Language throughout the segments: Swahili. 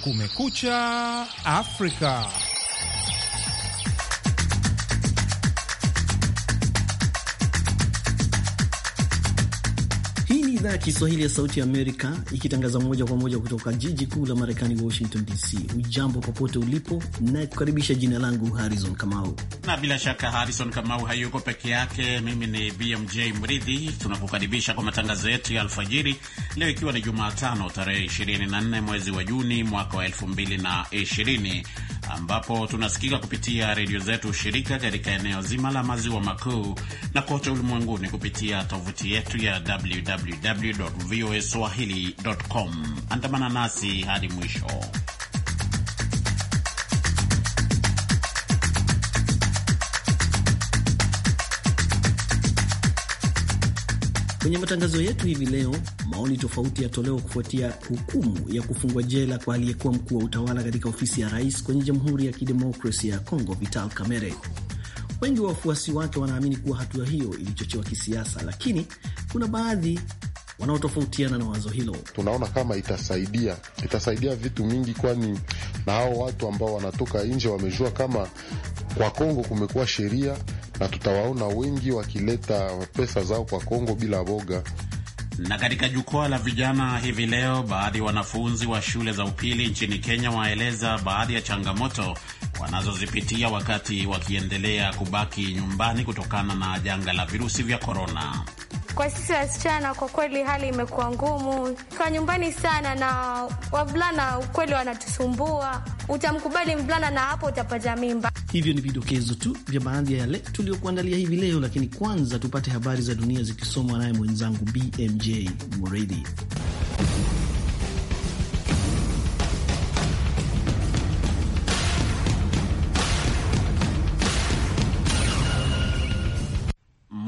Kumekucha Afrika. idhaa ya Kiswahili ya Sauti ya Amerika ikitangaza moja kwa moja kutoka jiji kuu la Marekani, Washington DC. Ujambo popote ulipo, na kukaribisha. Jina langu Harrison Kamau, na bila shaka Harrison Kamau hayuko peke yake. Mimi ni BMJ Mridhi. Tunakukaribisha kwa matangazo yetu ya alfajiri leo, ikiwa ni Jumatano tarehe 24 mwezi wa Juni mwaka wa 2020 ambapo tunasikika kupitia redio zetu shirika katika eneo zima la maziwa makuu na kote ulimwenguni kupitia tovuti yetu ya www voa swahili com. Andamana nasi hadi mwisho. Kwenye matangazo yetu hivi leo, maoni tofauti yatolewa kufuatia hukumu ya kufungwa jela kwa aliyekuwa mkuu wa utawala katika ofisi ya rais kwenye Jamhuri ya Kidemokrasia ya Kongo, Vital Kamerhe. Wengi wa wafuasi wake wanaamini kuwa hatua hiyo ilichochewa kisiasa, lakini kuna baadhi wanaotofautiana na wazo hilo. Tunaona kama itasaidia itasaidia vitu mingi, kwani na hao watu ambao wanatoka nje wamejua kama kwa Kongo kumekuwa sheria na tutawaona wengi wakileta pesa zao kwa Kongo bila boga. Na katika jukwaa la vijana hivi leo, baadhi ya wanafunzi wa shule za upili nchini Kenya waeleza baadhi ya changamoto wanazozipitia wakati wakiendelea kubaki nyumbani kutokana na janga la virusi vya korona. Kwa sisi wasichana, kwa kweli hali imekuwa ngumu, kwa nyumbani sana, na wavulana ukweli wanatusumbua. Utamkubali mvulana na hapo utapata mimba. Hivyo ni vidokezo tu vya baadhi ya yale tuliyokuandalia hivi leo, lakini kwanza tupate habari za dunia zikisomwa naye mwenzangu BMJ Muridhi.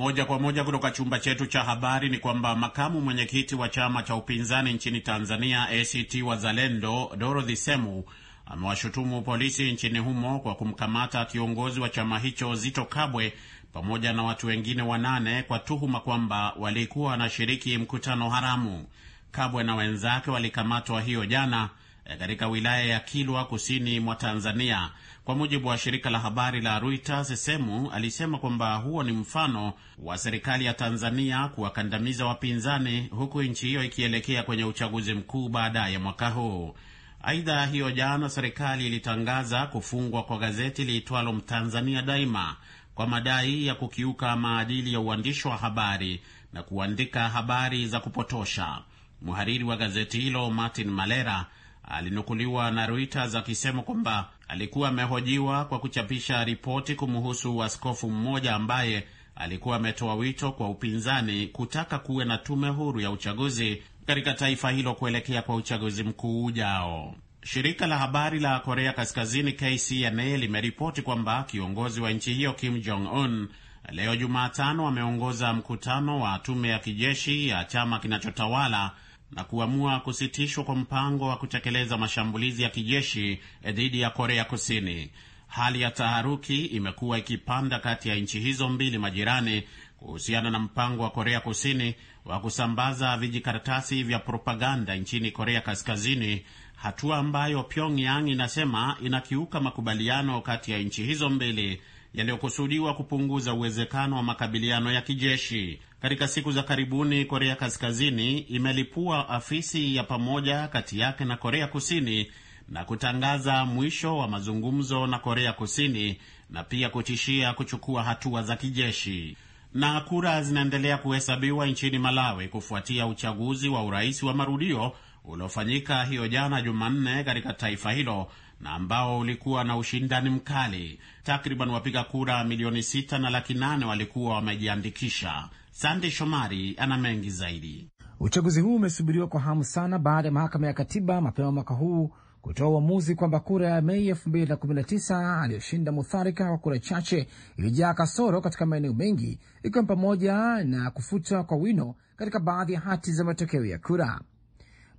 Moja kwa moja kutoka chumba chetu cha habari ni kwamba makamu mwenyekiti wa chama cha upinzani nchini Tanzania ACT Wazalendo, Dorothy Semu amewashutumu polisi nchini humo kwa kumkamata kiongozi wa chama hicho Zito Kabwe pamoja na watu wengine wanane kwa tuhuma kwamba walikuwa wanashiriki mkutano haramu. Kabwe na wenzake walikamatwa hiyo jana eh, katika wilaya ya Kilwa kusini mwa Tanzania kwa mujibu wa shirika la habari la Reuters, Semu alisema kwamba huo ni mfano wa serikali ya Tanzania kuwakandamiza wapinzani, huku nchi hiyo ikielekea kwenye uchaguzi mkuu baadaye mwaka huu. Aidha, hiyo jana serikali ilitangaza kufungwa kwa gazeti liitwalo Mtanzania Daima kwa madai ya kukiuka maadili ya uandishi wa habari na kuandika habari za kupotosha. Mhariri wa gazeti hilo Martin Malera alinukuliwa na Reuters akisema kwamba alikuwa amehojiwa kwa kuchapisha ripoti kumhusu askofu mmoja ambaye alikuwa ametoa wito kwa upinzani kutaka kuwe na tume huru ya uchaguzi katika taifa hilo kuelekea kwa uchaguzi mkuu ujao. Shirika la habari la Korea Kaskazini KCNA limeripoti kwamba kiongozi wa nchi hiyo Kim Jong Un leo Jumatano ameongoza mkutano wa tume ya kijeshi ya chama kinachotawala na kuamua kusitishwa kwa mpango wa kutekeleza mashambulizi ya kijeshi eh, dhidi ya Korea Kusini. Hali ya taharuki imekuwa ikipanda kati ya nchi hizo mbili majirani kuhusiana na mpango wa Korea Kusini wa kusambaza vijikaratasi vya propaganda nchini Korea Kaskazini, hatua ambayo Pyongyang inasema inakiuka makubaliano kati ya nchi hizo mbili yaliyokusudiwa kupunguza uwezekano wa makabiliano ya kijeshi. Katika siku za karibuni, Korea Kaskazini imelipua afisi ya pamoja kati yake na Korea Kusini na kutangaza mwisho wa mazungumzo na Korea Kusini na pia kutishia kuchukua hatua za kijeshi. Na kura zinaendelea kuhesabiwa nchini Malawi kufuatia uchaguzi wa urais wa marudio uliofanyika hiyo jana Jumanne katika taifa hilo na ambao ulikuwa na ushindani mkali. Takriban wapiga kura milioni sita na laki nane walikuwa wamejiandikisha. Sande Shomari ana mengi zaidi. Uchaguzi huu umesubiriwa kwa hamu sana baada ya mahakama ya katiba mapema mwaka huu kutoa uamuzi kwamba kura ya Mei 2019 aliyoshinda Mutharika kwa kura chache ilijaa kasoro katika maeneo mengi, ikiwa ni pamoja na kufuta kwa wino katika baadhi ya hati za matokeo ya kura.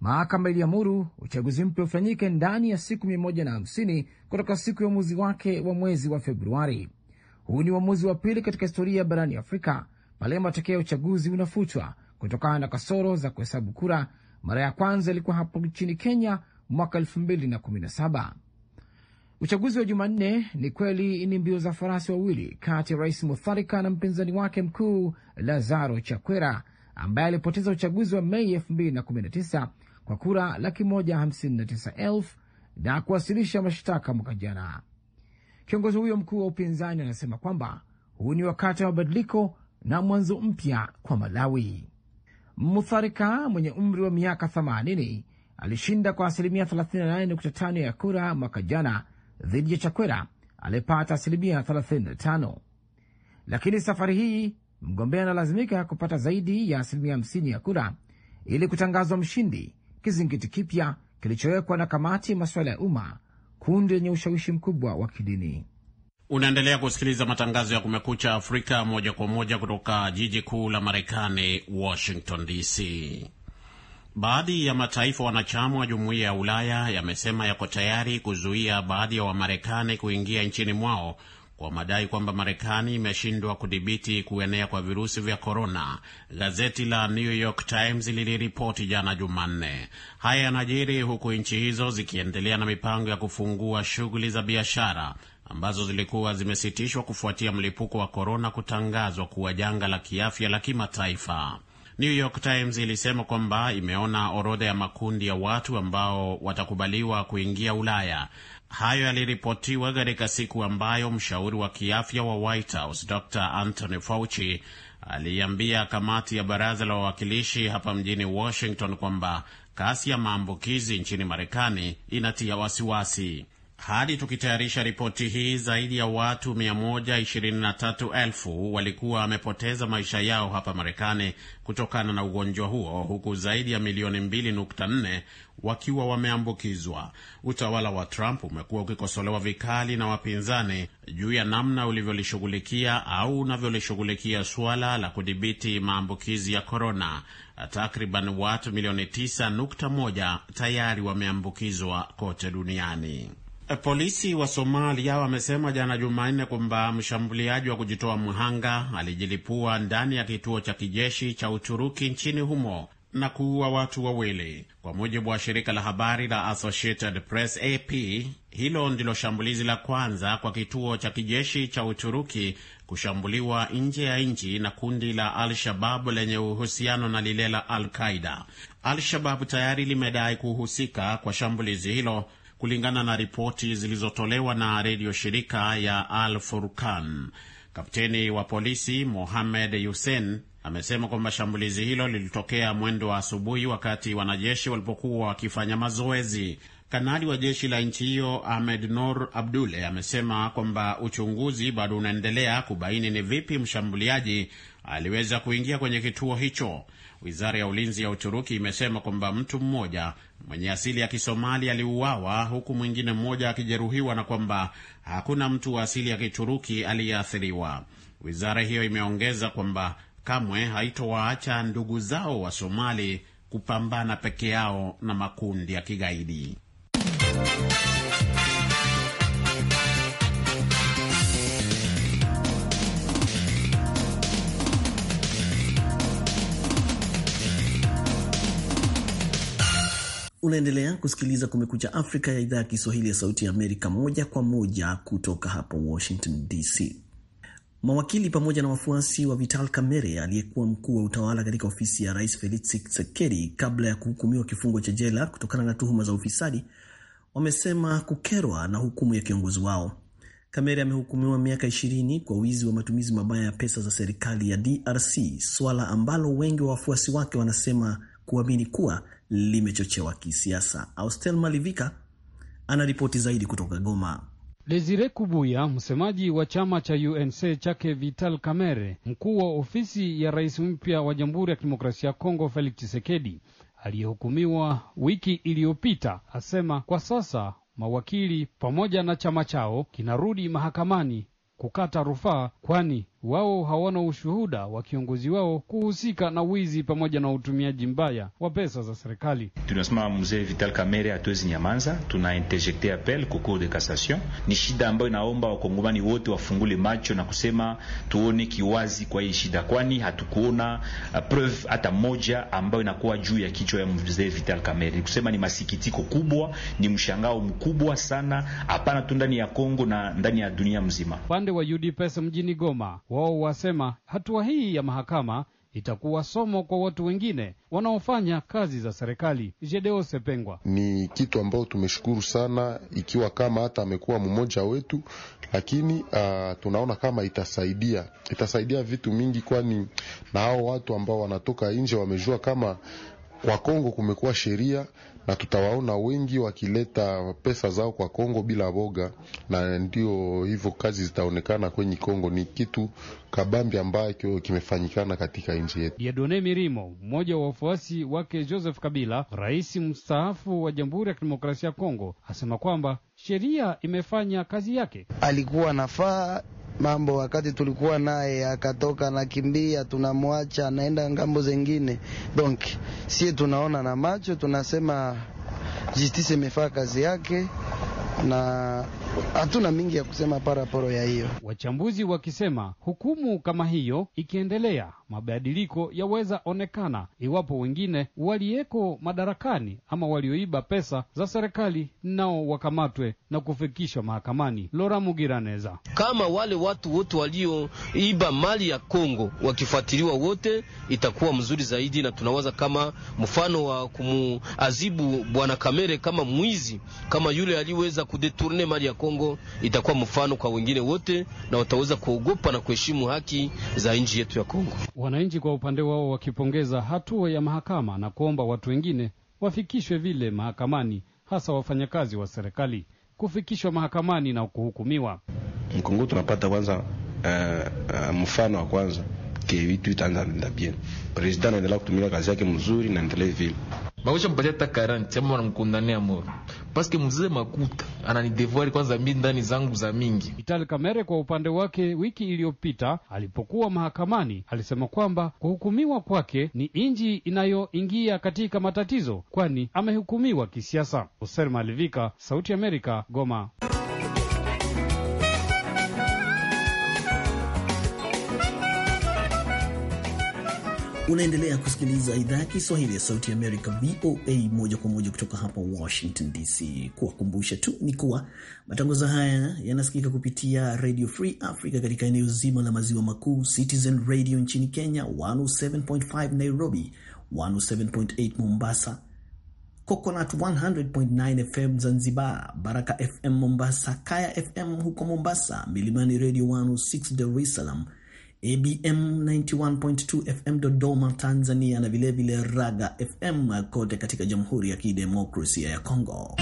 Mahakama iliamuru uchaguzi mpya ufanyike ndani ya siku 150 kutoka siku ya uamuzi wake wa mwezi wa Februari. Huu ni uamuzi wa pili katika historia barani Afrika pale matokeo ya uchaguzi unafutwa kutokana na kasoro za kuhesabu kura. Mara ya kwanza ilikuwa hapo nchini Kenya mwaka saba Uchaguzi wa Jumanne ni kweli ni mbio za farasi wawili kati ya Rais Mutharika na mpinzani wake mkuu Lazaro Chakwera ambaye alipoteza uchaguzi wa Mei 2019 kwa kura laki moja hamsini na tisa elfu na kuwasilisha mashtaka mwaka jana. Kiongozi huyo mkuu wa upinzani anasema kwamba huu ni wakati wa mabadiliko na mwanzo mpya kwa Malawi. Mutharika mwenye umri wa miaka 80 alishinda kwa asilimia 38.5 ya kura mwaka jana dhidi ya Chakwera aliyepata asilimia 35, lakini safari hii mgombea analazimika kupata zaidi ya asilimia 50 ya kura ili kutangazwa mshindi, kizingiti kipya kilichowekwa na kamati ya masuala ya umma, kundi lenye ushawishi mkubwa wa kidini. Unaendelea kusikiliza matangazo ya Kumekucha Afrika moja kwa moja kutoka jiji kuu la Marekani, Washington DC. Baadhi ya mataifa wanachama wa jumuiya ya Ulaya yamesema yako tayari kuzuia baadhi ya Wamarekani kuingia nchini mwao kwa madai kwamba Marekani imeshindwa kudhibiti kuenea kwa virusi vya korona. Gazeti la New York Times liliripoti jana Jumanne. Haya yanajiri huku nchi hizo zikiendelea na mipango ya kufungua shughuli za biashara ambazo zilikuwa zimesitishwa kufuatia mlipuko wa korona kutangazwa kuwa janga la kiafya la kimataifa. New York Times ilisema kwamba imeona orodha ya makundi ya watu ambao watakubaliwa kuingia Ulaya. Hayo yaliripotiwa katika siku ambayo mshauri wa kiafya wa White House Dr Anthony Fauci aliambia kamati ya baraza la wawakilishi hapa mjini Washington kwamba kasi ya maambukizi nchini Marekani inatia wasiwasi. Hadi tukitayarisha ripoti hii, zaidi ya watu 123,000 walikuwa wamepoteza maisha yao hapa Marekani kutokana na ugonjwa huo, huku zaidi ya milioni 2.4 wakiwa wameambukizwa. Utawala wa Trump umekuwa ukikosolewa vikali na wapinzani juu ya namna ulivyolishughulikia au unavyolishughulikia suala la kudhibiti maambukizi ya korona. Takriban watu milioni 9.1 tayari wameambukizwa kote duniani. Eh, polisi wa Somalia wamesema jana Jumanne kwamba mshambuliaji wa kujitoa mhanga alijilipua ndani ya kituo cha kijeshi cha Uturuki nchini humo na kuua watu wawili. Kwa mujibu wa shirika la habari la Associated Press, AP, hilo ndilo shambulizi la kwanza kwa kituo cha kijeshi cha Uturuki kushambuliwa nje ya nchi na kundi la Al-Shabab lenye uhusiano na lile la Al-Qaida. Al-Shabab tayari limedai kuhusika kwa shambulizi hilo kulingana na ripoti zilizotolewa na redio shirika ya Al Furkan. Kapteni wa polisi Mohamed Hussein amesema kwamba shambulizi hilo lilitokea mwendo wa asubuhi wakati wanajeshi walipokuwa wakifanya mazoezi. Kanali wa jeshi la nchi hiyo Ahmed nor Abdule amesema kwamba uchunguzi bado unaendelea kubaini ni vipi mshambuliaji aliweza kuingia kwenye kituo hicho. Wizara ya ulinzi ya Uturuki imesema kwamba mtu mmoja mwenye asili ya Kisomali aliuawa huku mwingine mmoja akijeruhiwa na kwamba hakuna mtu wa asili ya Kituruki aliyeathiriwa. Wizara hiyo imeongeza kwamba kamwe haitowaacha ndugu zao wa Somali kupambana peke yao na makundi ya kigaidi. Unaendelea kusikiliza Kumekucha Afrika ya idhaa ya Kiswahili ya Sauti ya Amerika, moja kwa moja kutoka hapa Washington DC. Mawakili pamoja na wafuasi wa Vital Kamerhe aliyekuwa mkuu wa utawala katika ofisi ya rais Felix Tshisekedi kabla ya kuhukumiwa kifungo cha jela kutokana na tuhuma za ufisadi wamesema kukerwa na hukumu ya kiongozi wao. Kamerhe amehukumiwa miaka ishirini kwa wizi wa matumizi mabaya ya pesa za serikali ya DRC, swala ambalo wengi wa wafuasi wake wanasema kuamini kuwa limechochewa kisiasa. Austel Malivika anaripoti zaidi kutoka Goma. Desire Kubuya, msemaji wa chama cha UNC chake Vital Kamerhe, mkuu wa ofisi ya rais mpya wa Jamhuri ya Kidemokrasia ya Kongo Felix Tshisekedi aliyehukumiwa wiki iliyopita, asema kwa sasa mawakili pamoja na chama chao kinarudi mahakamani kukata rufaa, kwani wao hawana ushuhuda wa kiongozi wao kuhusika na wizi pamoja na utumiaji mbaya wa pesa za serikali. Tunasema mzee Vital Kamerhe hatuwezi nyamanza, tuna interjecte appel ku cour de cassation. Ni shida ambayo inaomba wakongomani wote wafungule macho na kusema tuone kiwazi kwa hii shida, kwani hatukuona uh, preuve hata moja ambayo inakuwa juu ya kichwa ya mzee Vital Kamerhe. Ni kusema ni masikitiko kubwa, ni mshangao mkubwa sana, hapana tu ndani ya Kongo na ndani ya dunia mzima. Upande wa UDPS mjini Goma wao wasema hatua hii ya mahakama itakuwa somo kwa watu wengine wanaofanya kazi za serikali. Jedeo Sepengwa: ni kitu ambayo tumeshukuru sana, ikiwa kama hata amekuwa mmoja wetu, lakini uh, tunaona kama itasaidia, itasaidia vitu mingi, kwani na hao watu ambao wanatoka nje wamejua kama kwa Kongo kumekuwa sheria na tutawaona wengi wakileta pesa zao kwa Kongo bila boga, na ndio hivyo kazi zitaonekana kwenye Kongo. Ni kitu kabambi ambacho kimefanyikana katika nchi yetu. Diadone Mirimo, mmoja wa wafuasi wake Joseph Kabila, rais mstaafu wa Jamhuri ya Kidemokrasia ya Kongo, asema kwamba sheria imefanya kazi yake. Alikuwa nafaa mambo wakati tulikuwa naye akatoka, nakimbia, tunamwacha anaenda ngambo zengine. Donc sie tunaona na macho, tunasema justice imefaa kazi yake na Hatuna mingi ya kusema paraporo ya hiyo, wachambuzi wakisema hukumu kama hiyo ikiendelea, mabadiliko yaweza onekana iwapo wengine waliyeko madarakani ama walioiba pesa za serikali nao wakamatwe na kufikishwa mahakamani. Lora Mugiraneza, kama wale watu wote walioiba mali ya Kongo wakifuatiliwa wote, itakuwa mzuri zaidi, na tunawaza kama mfano wa kumuazibu bwana Kamere kama mwizi, kama yule aliweza kudeturne mali ya Kongo. Kongo itakuwa mfano kwa wengine wote, na wataweza kuogopa na kuheshimu haki za nchi yetu ya Kongo. Wananchi kwa upande wao wakipongeza hatua ya mahakama na kuomba watu wengine wafikishwe vile mahakamani, hasa wafanyakazi wa serikali kufikishwa mahakamani na kuhukumiwa. Mkongo tunapata kwanza uh, uh, mfano wa kwanza kevitu itaanza nenda bien, president anaendelea kutumia kazi yake mzuri na endelee vile Mawisha mpatia hata karanti ama wanamkundania moro paske mzee Makuta ananidevuari kwanza mi ndani zangu za mingi. Vitali Kamere kwa upande wake, wiki iliyopita alipokuwa mahakamani, alisema kwamba kuhukumiwa kwake ni nchi inayoingia katika matatizo, kwani amehukumiwa kisiasa. Hoser Malivika, Sauti ya Amerika, Goma. Unaendelea kusikiliza idhaa ya Kiswahili ya Sauti ya Amerika, VOA, moja kwa moja kutoka hapa Washington DC. Kuwakumbusha tu ni kuwa matangazo haya yanasikika kupitia Radio Free Africa katika eneo zima la maziwa makuu, Citizen Radio nchini Kenya 107.5 Nairobi, 107.8 Mombasa, Coconut 100.9 FM Zanzibar, Baraka FM Mombasa, Kaya FM huko Mombasa, Milimani Radio 106 Dar es Salaam ABM 91.2 FM Dodoma, Tanzania na vilevile Raga FM kote katika Jamhuri ya Kidemokrasia ya Kongo.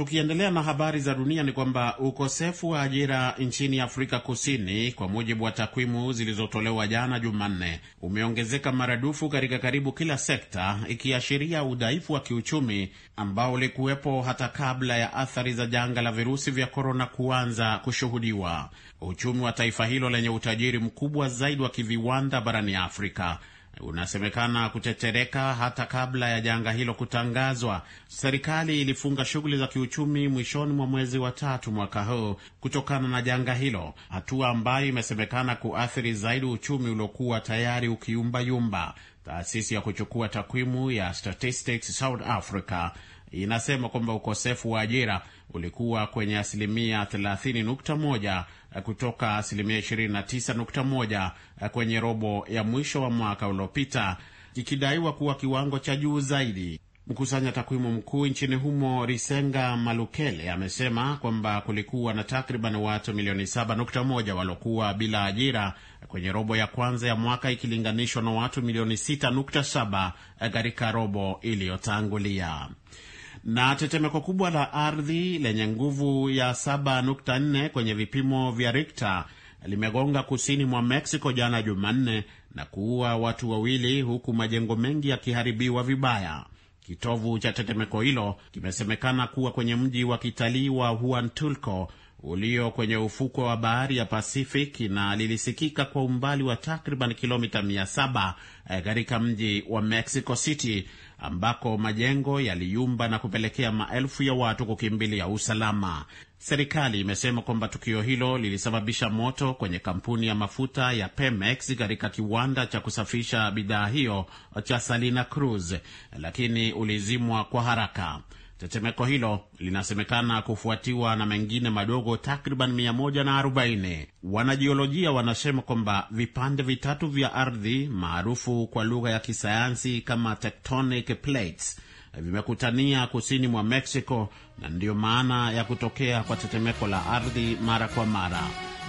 Tukiendelea na habari za dunia ni kwamba ukosefu wa ajira nchini Afrika Kusini, kwa mujibu wa takwimu zilizotolewa jana Jumanne, umeongezeka maradufu katika karibu kila sekta, ikiashiria udhaifu wa kiuchumi ambao ulikuwepo hata kabla ya athari za janga la virusi vya korona kuanza kushuhudiwa. Uchumi wa taifa hilo lenye utajiri mkubwa zaidi wa kiviwanda barani Afrika unasemekana kutetereka hata kabla ya janga hilo kutangazwa. Serikali ilifunga shughuli za kiuchumi mwishoni mwa mwezi wa tatu mwaka huu kutokana na janga hilo, hatua ambayo imesemekana kuathiri zaidi uchumi uliokuwa tayari ukiyumbayumba Taasisi ya kuchukua takwimu ya Statistics South Africa inasema kwamba ukosefu wa ajira ulikuwa kwenye asilimia 30.1 kutoka asilimia 29.1 kwenye robo ya mwisho wa mwaka uliopita, kikidaiwa kuwa kiwango cha juu zaidi. Mkusanya takwimu mkuu nchini humo Risenga Malukele amesema kwamba kulikuwa na takriban watu milioni 7.1 waliokuwa bila ajira kwenye robo ya kwanza ya mwaka ikilinganishwa na watu milioni 6.7 katika robo iliyotangulia. Na tetemeko kubwa la ardhi lenye nguvu ya 7.4 kwenye vipimo vya Richter limegonga kusini mwa Mexico jana Jumanne na kuua watu wawili huku majengo mengi yakiharibiwa vibaya. Kitovu cha tetemeko hilo kimesemekana kuwa kwenye mji wa kitalii wa Huantulco ulio kwenye ufukwe wa bahari ya Pacific na lilisikika kwa umbali wa takriban kilomita 700 eh, katika mji wa Mexico City ambako majengo yaliyumba na kupelekea maelfu ya watu kukimbilia usalama. Serikali imesema kwamba tukio hilo lilisababisha moto kwenye kampuni ya mafuta ya Pemex katika kiwanda cha kusafisha bidhaa hiyo cha Salina Cruz, lakini ulizimwa kwa haraka. Tetemeko hilo linasemekana kufuatiwa na mengine madogo takriban 140. Wanajiolojia wanasema kwamba vipande vitatu vya ardhi maarufu kwa lugha ya kisayansi kama tectonic plates vimekutania kusini mwa Mexico na ndiyo maana ya kutokea kwa tetemeko la ardhi mara kwa mara.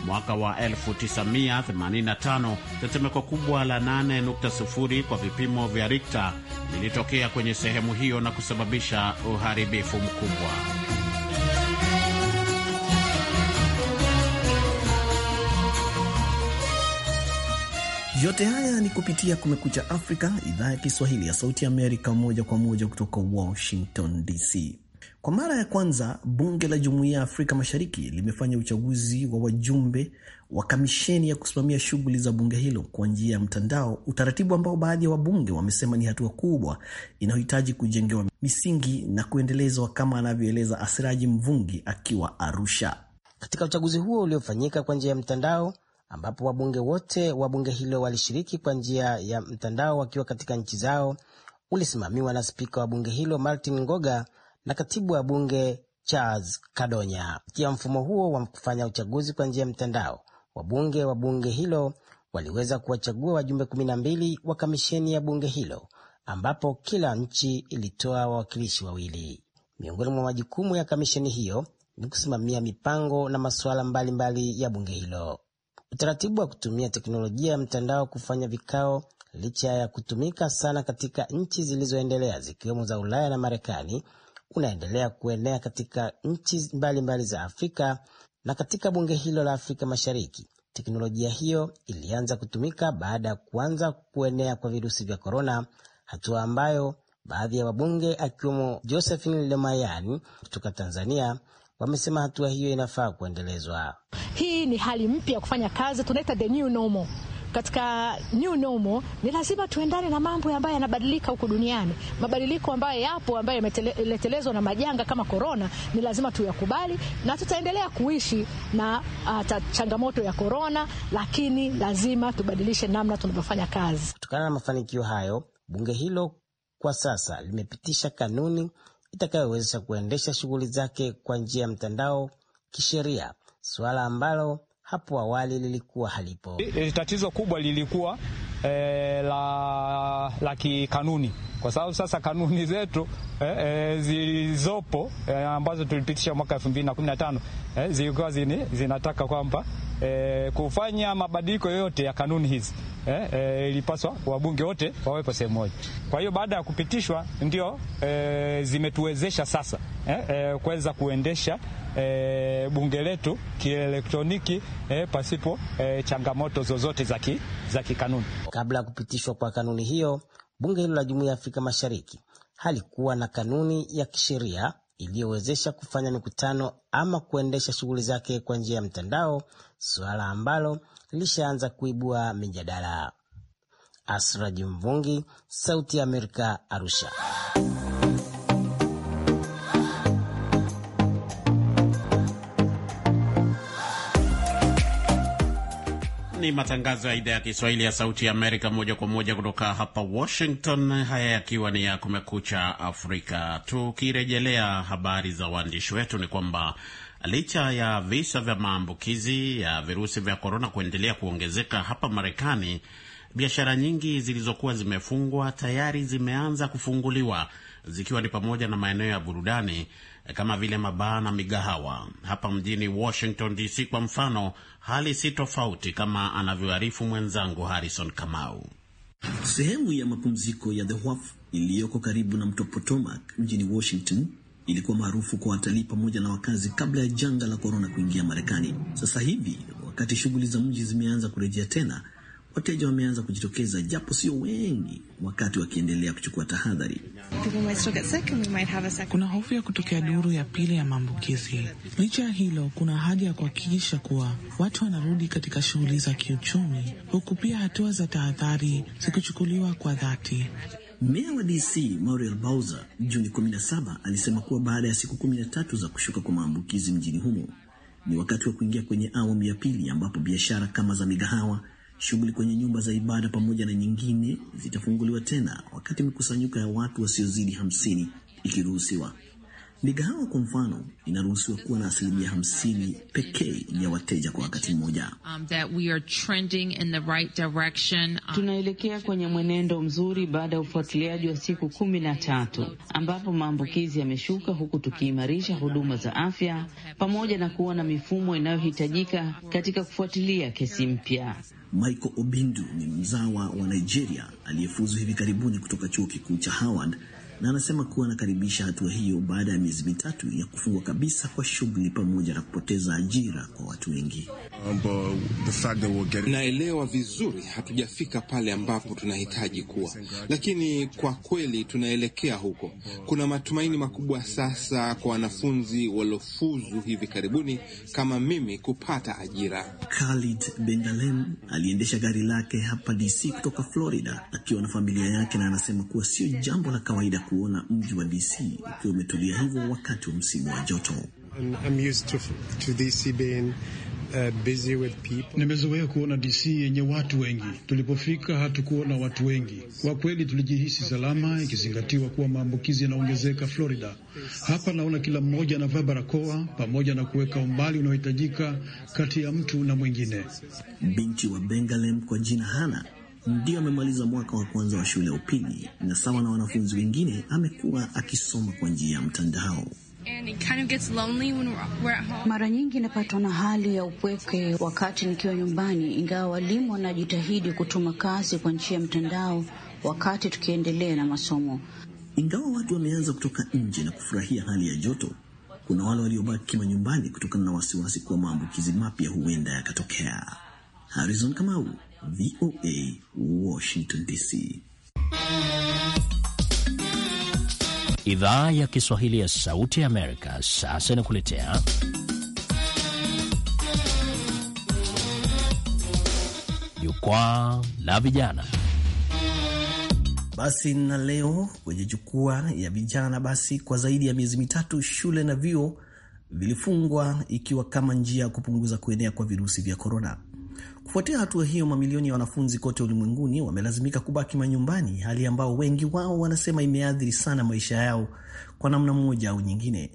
Mwaka wa 1985 tetemeko kubwa la 8.0 kwa vipimo vya Richter lilitokea kwenye sehemu hiyo na kusababisha uharibifu mkubwa. Yote haya ni kupitia Kumekucha Afrika, idhaa ya Kiswahili ya Sauti ya Amerika, moja kwa moja kutoka Washington DC. Kwa mara ya kwanza bunge la Jumuiya ya Afrika Mashariki limefanya uchaguzi wa wajumbe wa kamisheni ya kusimamia shughuli za bunge hilo kwa njia ya mtandao, utaratibu ambao baadhi ya wabunge wamesema ni hatua kubwa inayohitaji kujengewa misingi na kuendelezwa, kama anavyoeleza Asiraji Mvungi akiwa Arusha. Katika uchaguzi huo uliofanyika kwa njia ya mtandao ambapo wabunge wote wa bunge hilo walishiriki kwa njia ya mtandao wakiwa katika nchi zao, ulisimamiwa na spika wa bunge hilo Martin Ngoga na katibu wa bunge Charles Kadonya. Kupitia mfumo huo wa kufanya uchaguzi kwa njia ya mtandao, wabunge wa bunge hilo waliweza kuwachagua wajumbe kumi na mbili wa kamisheni ya bunge hilo ambapo kila nchi ilitoa wawakilishi wawili. Miongoni mwa majukumu ya kamisheni hiyo ni kusimamia mipango na masuala mbalimbali ya bunge hilo. Utaratibu wa kutumia teknolojia ya mtandao kufanya vikao, licha ya kutumika sana katika nchi zilizoendelea zikiwemo za Ulaya na Marekani, unaendelea kuenea katika nchi mbalimbali mbali za Afrika na katika bunge hilo la Afrika Mashariki. Teknolojia hiyo ilianza kutumika baada ya kuanza kuenea kwa virusi vya korona, hatua ambayo baadhi ya wabunge akiwemo Josephine lemayan kutoka Tanzania wamesema hatua hiyo inafaa kuendelezwa. Hii ni hali mpya ya kufanya kazi, tunaita the new normal katika new normal, ni lazima tuendane na mambo ambayo yanabadilika huku duniani. Mabadiliko ambayo yapo, ambayo yameletelezwa na majanga kama korona, ni lazima tuyakubali na tutaendelea kuishi na uh, changamoto ya korona, lakini lazima tubadilishe namna tunavyofanya kazi. Kutokana na mafanikio hayo, bunge hilo kwa sasa limepitisha kanuni itakayowezesha kuendesha shughuli zake kwa njia ya mtandao kisheria, suala ambalo hapo awali lilikuwa halipo. Eh, tatizo kubwa lilikuwa E, la, la kikanuni kwa sababu sasa kanuni zetu e, e, zilizopo e, ambazo tulipitisha mwaka na tano e, zilikuwa zini, zinataka kwamba e, kufanya mabadiliko yoyote ya kanuni hizi e, e, ilipaswa wabunge wote wawepo sehemu moja. Kwa hiyo baada ya kupitishwa ndio e, zimetuwezesha sasa e, e, kuweza kuendesha e, bunge letu kielektroniki e, pasipo e, changamoto zozote za kikanuni. Kabla ya kupitishwa kwa kanuni hiyo, bunge hilo la Jumuiya ya Afrika Mashariki halikuwa na kanuni ya kisheria iliyowezesha kufanya mikutano ama kuendesha shughuli zake kwa njia ya mtandao, suala ambalo lishaanza kuibua mijadala. Asra Jimvungi, Sauti ya Amerika, Arusha. ni matangazo ya idhaa ya Kiswahili ya Sauti ya Amerika moja kwa moja kutoka hapa Washington, haya yakiwa ni ya Kumekucha Afrika. Tukirejelea habari za waandishi wetu, ni kwamba licha ya visa vya maambukizi ya virusi vya korona kuendelea kuongezeka hapa Marekani, biashara nyingi zilizokuwa zimefungwa tayari zimeanza kufunguliwa, zikiwa ni pamoja na maeneo ya burudani Eh, kama vile mabaa na migahawa. Hapa mjini Washington DC kwa mfano, hali si tofauti, kama anavyoarifu mwenzangu Harrison Kamau. Sehemu ya mapumziko ya The Wharf iliyoko karibu na mto Potomac mjini Washington ilikuwa maarufu kwa watalii pamoja na wakazi kabla ya janga la korona kuingia Marekani. Sasa hivi, wakati shughuli za mji zimeanza kurejea tena, wateja wameanza kujitokeza, japo sio wengi, wakati wakiendelea kuchukua tahadhari. Kuna hofu ya kutokea duru ya pili ya maambukizi. Licha ya hilo, kuna haja ya kuhakikisha kuwa watu wanarudi katika shughuli za kiuchumi, huku pia hatua za tahadhari zikuchukuliwa kwa dhati. Meya wa DC Muriel Bowser Juni 17 alisema kuwa baada ya siku 13 za kushuka kwa maambukizi mjini humo ni wakati wa kuingia kwenye awamu ya pili ambapo biashara kama za migahawa, Shughuli kwenye nyumba za ibada pamoja na nyingine zitafunguliwa tena, wakati mikusanyiko ya watu wasiozidi hamsini ikiruhusiwa. Migahawa kwa mfano inaruhusiwa kuwa na asilimia hamsini pekee ya wateja kwa wakati mmoja. Um, right um, tunaelekea kwenye mwenendo mzuri baada ya ufuatiliaji wa siku kumi na tatu ambapo maambukizi yameshuka, huku tukiimarisha huduma za afya pamoja na kuwa na mifumo inayohitajika katika kufuatilia kesi mpya. Michael Obindu ni mzawa wa Nigeria aliyefuzu hivi karibuni kutoka chuo kikuu cha Howard na anasema kuwa anakaribisha hatua hiyo baada ya miezi mitatu ya kufungwa kabisa kwa shughuli pamoja na kupoteza ajira kwa watu wengi. Naelewa vizuri, hatujafika pale ambapo tunahitaji kuwa, lakini kwa kweli tunaelekea huko. Kuna matumaini makubwa sasa kwa wanafunzi waliofuzu hivi karibuni kama mimi kupata ajira. Khalid Bengalem aliendesha gari lake hapa DC kutoka Florida akiwa na familia yake, na anasema kuwa sio jambo la kawaida kuona mji wa DC ukiwa umetulia hivyo wakati wa msimu wa joto. Uh, nimezoea kuona DC yenye watu wengi. Tulipofika hatukuona watu wengi kwa kweli, tulijihisi salama ikizingatiwa kuwa maambukizi yanaongezeka Florida. Hapa naona kila mmoja anavaa barakoa pamoja na kuweka umbali unaohitajika kati ya mtu na mwingine. Binti wa Bengalem kwa jina Hana ndio amemaliza mwaka wa kwanza wa shule ya upili, na sawa na wanafunzi wengine amekuwa akisoma kwa njia ya mtandao. mara nyingi napatwa na hali ya upweke wakati nikiwa nyumbani, ingawa walimu wanajitahidi kutuma kazi kwa njia ya mtandao wakati tukiendelea na masomo. Ingawa watu wameanza kutoka nje na kufurahia hali ya joto, kuna wale waliobaki manyumbani kutokana na wasiwasi kuwa maambukizi mapya huenda yakatokea. Harrison Kamau, VOA Washington DC. Idhaa ya Kiswahili ya Sauti ya Amerika sasa inakuletea Jukwaa la Vijana. Basi na leo kwenye jukwaa ya vijana, basi kwa zaidi ya miezi mitatu shule na vyuo vilifungwa ikiwa kama njia ya kupunguza kuenea kwa virusi vya korona. Kufuatia hatua hiyo, mamilioni ya wanafunzi kote ulimwenguni wamelazimika kubaki manyumbani, hali ambao wengi wao wanasema imeathiri sana maisha yao kwa namna moja au nyingine.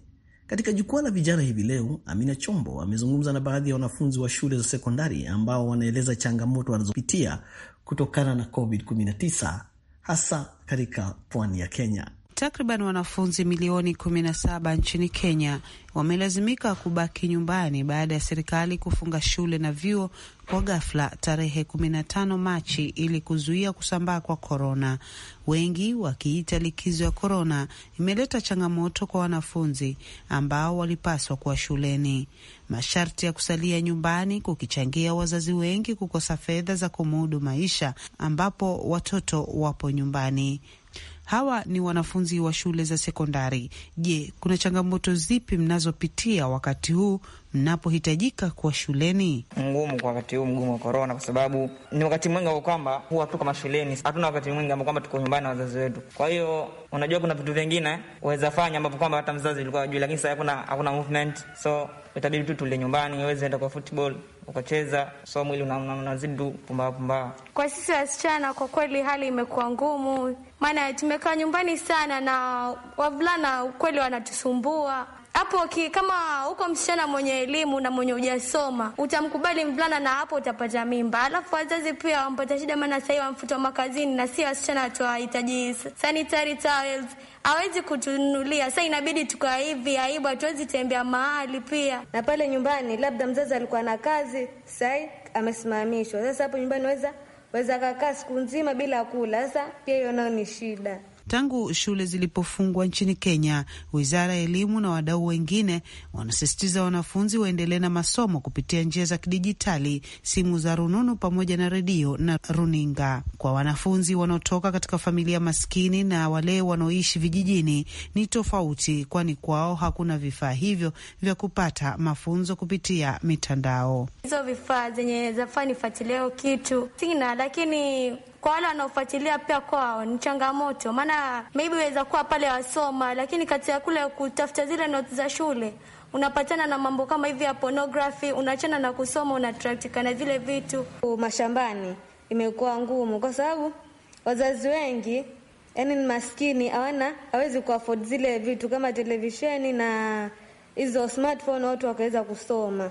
Katika jukwaa la vijana hivi leo, Amina Chombo amezungumza na baadhi ya wanafunzi wa shule za sekondari ambao wanaeleza changamoto wanazopitia kutokana na COVID-19 hasa katika pwani ya Kenya. Takriban wanafunzi milioni 17 nchini Kenya wamelazimika kubaki nyumbani baada ya serikali kufunga shule na vyuo kwa ghafla tarehe 15 Machi ili kuzuia kusambaa kwa korona. Wengi wakiita likizo ya korona imeleta changamoto kwa wanafunzi ambao walipaswa kuwa shuleni. Masharti ya kusalia nyumbani kukichangia wazazi wengi kukosa fedha za kumudu maisha ambapo watoto wapo nyumbani. Hawa ni wanafunzi wa shule za sekondari. Je, kuna changamoto zipi mnazopitia wakati huu mnapohitajika kuwa shuleni? Mgumu kwa wakati huu mgumu wa korona, kwa sababu ni wakati mwingi ambao kwamba huwa tuko mashuleni, hatuna wakati mwingi ambao kwamba tuko nyumbani na wazazi wetu. Kwa hiyo unajua, kuna vitu vingine waweza fanya ambapo kwamba hata mzazi ilikuwa ajui, lakini sasa hakuna, hakuna movement, so itabidi tu tule nyumbani, uweze enda kwa football ukacheza, so mwili unazidi tu pumbaa pumbaa. Kwa sisi wasichana, kwa kweli hali imekuwa ngumu maana tumekaa nyumbani sana na wavulana ukweli wanatusumbua hapo ki, kama huko msichana mwenye elimu na mwenye ujasoma utamkubali mvulana na hapo utapata mimba. Alafu wazazi pia wampata shida, maana sahii wamfuta makazini na si wasichana tuwahitaji sanitary towels, awezi kutunulia. Sa inabidi tukaa hivi, aibu, hatuwezi tembea mahali pia na pale nyumbani. Labda mzazi alikuwa na kazi, sahii amesimamishwa. Sasa hapo nyumbani weza waweza kakaa siku nzima bila kula. Sasa pia hiyo nayo ni shida. Tangu shule zilipofungwa nchini Kenya, wizara ya elimu na wadau wengine wanasisitiza wanafunzi waendelee na masomo kupitia njia za kidijitali, simu za rununu pamoja na redio na runinga. Kwa wanafunzi wanaotoka katika familia maskini na wale wanaoishi vijijini ni tofauti, kwani kwao hakuna vifaa hivyo vya kupata mafunzo kupitia mitandao. Hizo vifaa zenye zafaa nifuatileo kitu sina, lakini kwa wale wanaofuatilia pia kwao ni changamoto, maana maybe waweza kuwa pale wasoma, lakini kati ya kule kutafuta zile notes za shule unapatana na mambo kama hivi ya pornography, unaachana na kusoma, unatractika na vile vitu. Mashambani imekuwa ngumu kwa sababu wazazi wengi yani ni maskini, hawana hawezi kuafford zile vitu kama televisheni na hizo smartphone watu wakaweza kusoma.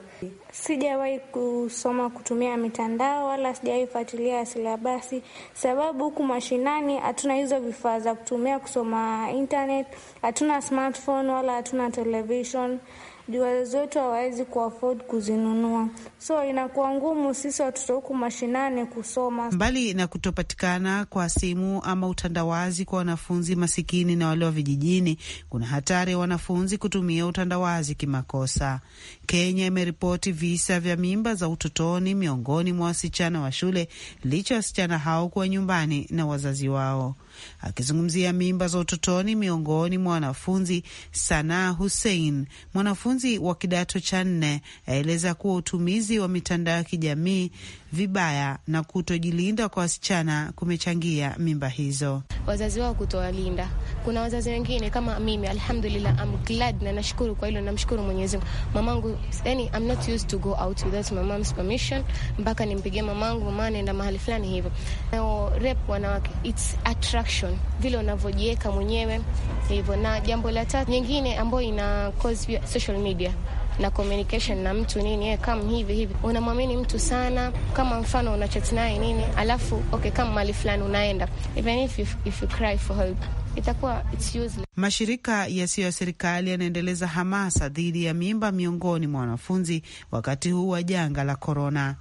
Sijawahi kusoma kutumia mitandao wala sijawahi fuatilia silabasi, sababu huku mashinani hatuna hizo vifaa za kutumia kusoma internet, hatuna smartphone wala hatuna television jua zote hawawezi kuafford kuzinunua, so inakuwa ngumu sisi watoto huku mashinani kusoma. Mbali na kutopatikana kwa simu ama utandawazi kwa wanafunzi masikini na wale wa vijijini, kuna hatari ya wanafunzi kutumia utandawazi kimakosa. Kenya imeripoti visa vya mimba za utotoni miongoni mwa wasichana wa shule, licha ya wasichana hao kuwa nyumbani na wazazi wao. Akizungumzia mimba za utotoni miongoni mwa wanafunzi, Sanaa Hussein, mwanafunzi wa kidato cha nne, aeleza kuwa utumizi wa mitandao ya kijamii vibaya na kutojilinda kwa wasichana kumechangia mimba hizo. Wazazi wao kutowalinda. Kuna wazazi wengine kama mimi, alhamdulillah, I'm glad na nashukuru kwa hilo, namshukuru Mwenyezi Mungu. Mamangu, yani I'm not used to go out without my mom's permission, mpaka nimpigie mamangu, mama naenda mahali fulani hivyo. Nao rep wanawake, it's attraction, vile unavyojiweka mwenyewe hivyo. Na jambo la tatu nyingine ambayo ina cause social media na communication na mtu nini, yeah, kama hivi hivi, unamwamini mtu sana, kama mfano una chat naye nini, alafu okay, kama mali fulani unaenda, even if you, if you cry for help itakuwa it's useless. Mashirika yasiyo ya serikali yanaendeleza hamasa dhidi ya mimba miongoni mwa wanafunzi wakati huu wa janga la korona.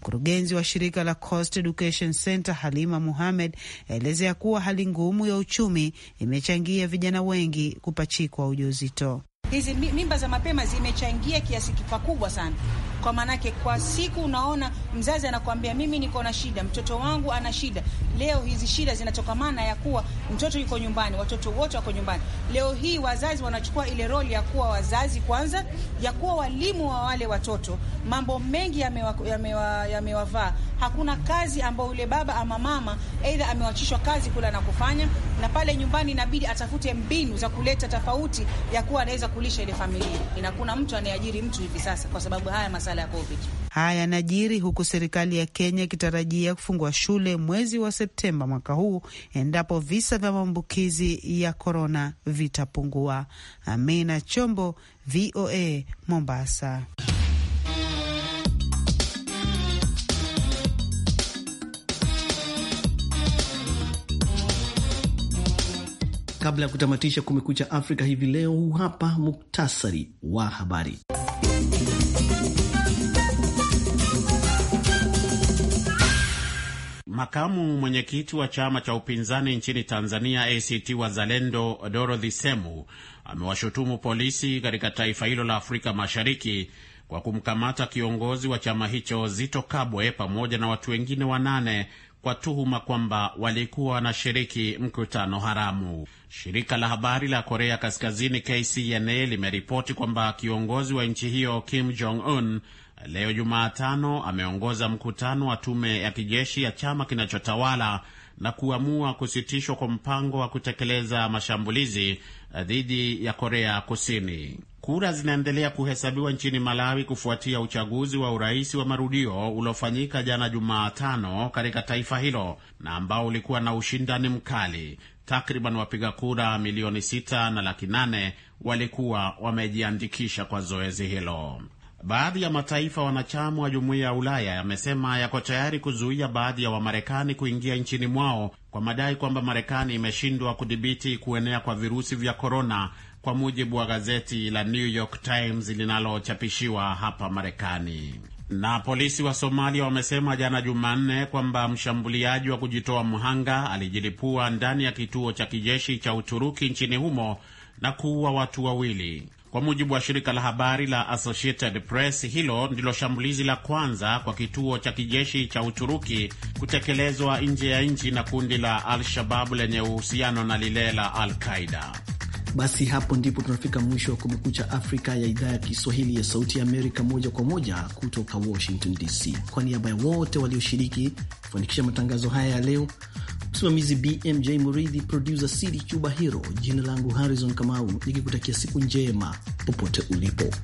Mkurugenzi wa shirika la Coast Education Center Halima Muhamed aelezea kuwa hali ngumu ya uchumi imechangia vijana wengi kupachikwa ujauzito. Hizi mimba za mapema zimechangia kiasi kikubwa sana kwa maanake kwa siku unaona mzazi anakuambia mimi niko na shida, mtoto wangu ana shida. Leo hizi shida zinatokamana ya kuwa mtoto yuko nyumbani, watoto wote wako nyumbani. Leo hii wazazi wanachukua ile roli ya kuwa wazazi kwanza, ya kuwa walimu wa wale watoto. Mambo mengi yamewavaa, yamewa, ya hakuna kazi ambayo yule baba ama mama aidha amewachishwa kazi kula na kufanya, na pale nyumbani inabidi atafute mbinu za kuleta tofauti ya kuwa anaweza kulisha ile familia. Inakuna mtu anayeajiri mtu hivi sasa kwa sababu haya masala ya COVID. Haya yanajiri huku serikali ya Kenya ikitarajia kufungua shule mwezi wa Septemba mwaka huu endapo visa vya maambukizi ya korona vitapungua. Amina Chombo, VOA, Mombasa. Kabla ya kutamatisha Kumekucha Afrika hivi leo, hapa muktasari wa habari. Makamu mwenyekiti wa chama cha upinzani nchini Tanzania ACT Wazalendo, Dorothy Semu amewashutumu polisi katika taifa hilo la Afrika Mashariki kwa kumkamata kiongozi wa chama hicho Zito Kabwe pamoja na watu wengine wanane kwa tuhuma kwamba walikuwa wanashiriki mkutano haramu. Shirika la habari la Korea Kaskazini KCNA limeripoti kwamba kiongozi wa nchi hiyo Kim Jong Un leo Jumatano ameongoza mkutano wa tume ya kijeshi ya chama kinachotawala na kuamua kusitishwa kwa mpango wa kutekeleza mashambulizi eh, dhidi ya Korea Kusini. Kura zinaendelea kuhesabiwa nchini Malawi kufuatia uchaguzi wa urais wa marudio uliofanyika jana Jumatano katika taifa hilo na ambao ulikuwa na ushindani mkali. Takriban wapiga kura milioni sita na laki nane walikuwa wamejiandikisha kwa zoezi hilo. Baadhi ya mataifa wanachama wa jumuiya ya Ulaya yamesema yako tayari kuzuia baadhi ya Wamarekani kuingia nchini mwao kwa madai kwamba Marekani imeshindwa kudhibiti kuenea kwa virusi vya korona, kwa mujibu wa gazeti la New York Times linalochapishiwa hapa Marekani. Na polisi wa Somalia wamesema jana Jumanne kwamba mshambuliaji wa kujitoa mhanga alijilipua ndani ya kituo cha kijeshi cha Uturuki nchini humo na kuua watu wawili. Kwa mujibu wa shirika la habari la Associated Press, hilo ndilo shambulizi la kwanza kwa kituo cha kijeshi cha Uturuki kutekelezwa nje ya nchi na kundi la Al-Shababu lenye uhusiano na lile la Al-Qaida. Basi hapo ndipo tunafika mwisho wa Kumekucha Afrika ya idhaa ya Kiswahili ya Sauti ya Amerika, moja kwa moja kutoka Washington DC. Kwa niaba ya wote walioshiriki kufanikisha matangazo haya ya leo, Msimamizi BMJ Muridhi, produsa cidi Chuba Hiro. Jina langu Harrison Kamau nikikutakia siku njema popote ulipo.